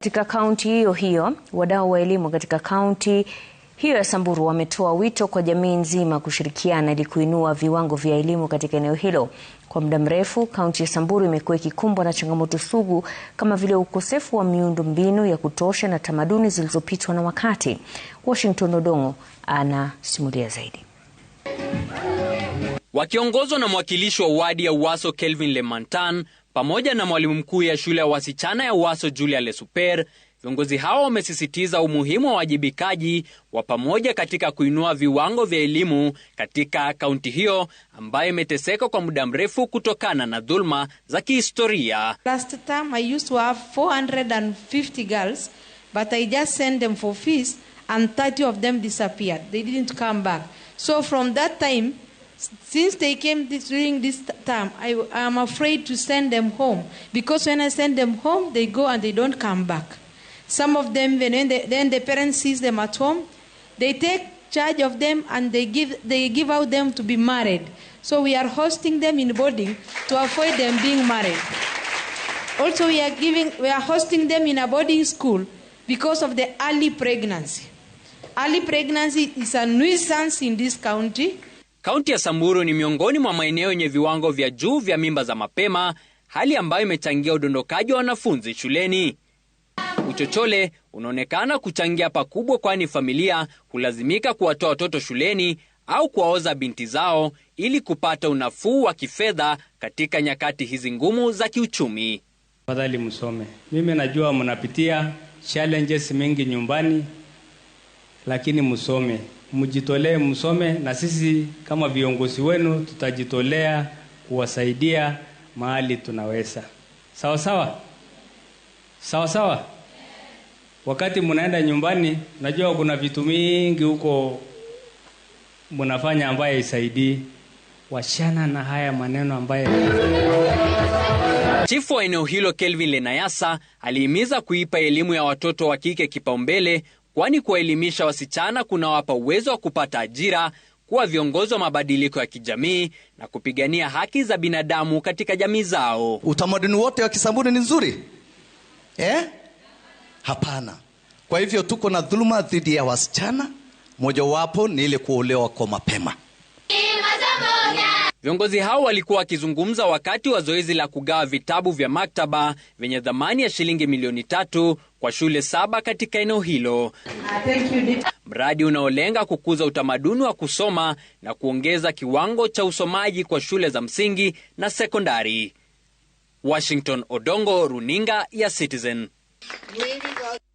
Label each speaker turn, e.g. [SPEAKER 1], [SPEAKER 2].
[SPEAKER 1] Katika kaunti hiyo hiyo, wadau wa elimu katika kaunti hiyo ya Samburu wametoa wito kwa jamii nzima kushirikiana ili kuinua viwango vya elimu katika eneo hilo. Kwa muda mrefu, kaunti ya Samburu imekuwa ikikumbwa na changamoto sugu kama vile ukosefu wa miundo mbinu ya kutosha na tamaduni zilizopitwa na wakati. Washington Odongo anasimulia zaidi.
[SPEAKER 2] Wakiongozwa na mwakilishi wa wadi ya Uwaso Kelvin Lemantan, pamoja na mwalimu mkuu ya shule ya wasichana ya uwaso Julia Lesuper. Viongozi hao wamesisitiza umuhimu wa wajibikaji wa pamoja katika kuinua viwango vya elimu katika kaunti hiyo ambayo imeteseka kwa muda mrefu kutokana na dhulma za kihistoria.
[SPEAKER 3] Last I used to have 450 girls but I just sent them for fees and 30 of them disappeared. They didn't come back. So from that time Since they came this, during this time, I am afraid to send them home because when I send them home, they go and they don't come back. Some of them, when they, then the parents sees them at home, they take charge of them and they give they give out them to be married. So we are hosting them in boarding to avoid them being married. Also, we are giving we are hosting them in a boarding school because of the early pregnancy. Early pregnancy is a nuisance in this county
[SPEAKER 2] Kaunti ya Samburu ni miongoni mwa maeneo yenye viwango vya juu vya mimba za mapema, hali ambayo imechangia udondokaji wa wanafunzi shuleni. Uchochole unaonekana kuchangia pakubwa, kwani familia hulazimika kuwatoa watoto shuleni au kuwaoza binti zao ili kupata unafuu wa kifedha katika nyakati hizi ngumu za kiuchumi.
[SPEAKER 4] Fadhali msome, mimi najua mnapitia challenges mingi nyumbani lakini msome, mjitolee, msome, na sisi kama viongozi wenu tutajitolea kuwasaidia mahali tunaweza. Sawa sawa, sawa sawa. Wakati mnaenda nyumbani, najua kuna vitu mingi huko mnafanya ambaye isaidii. washana na haya maneno ambaye
[SPEAKER 2] Chifu wa eneo hilo Kelvin Lenayasa alihimiza kuipa elimu ya watoto wa kike kipaumbele kwani kuwaelimisha wasichana kunawapa uwezo wa kupata ajira, kuwa viongozi wa mabadiliko ya kijamii na kupigania haki za binadamu katika jamii zao.
[SPEAKER 5] Utamaduni wote wa Kisambuni ni nzuri eh? Hapana. Kwa hivyo tuko na dhuluma dhidi ya wasichana, mojawapo ni ile kuolewa kwa mapema.
[SPEAKER 2] Viongozi hao walikuwa wakizungumza wakati wa zoezi la kugawa vitabu vya maktaba vyenye thamani ya shilingi milioni tatu kwa shule saba katika eneo hilo, mradi unaolenga kukuza utamaduni wa kusoma na kuongeza kiwango cha usomaji kwa shule za msingi na sekondari. Washington Odongo, runinga ya Citizen.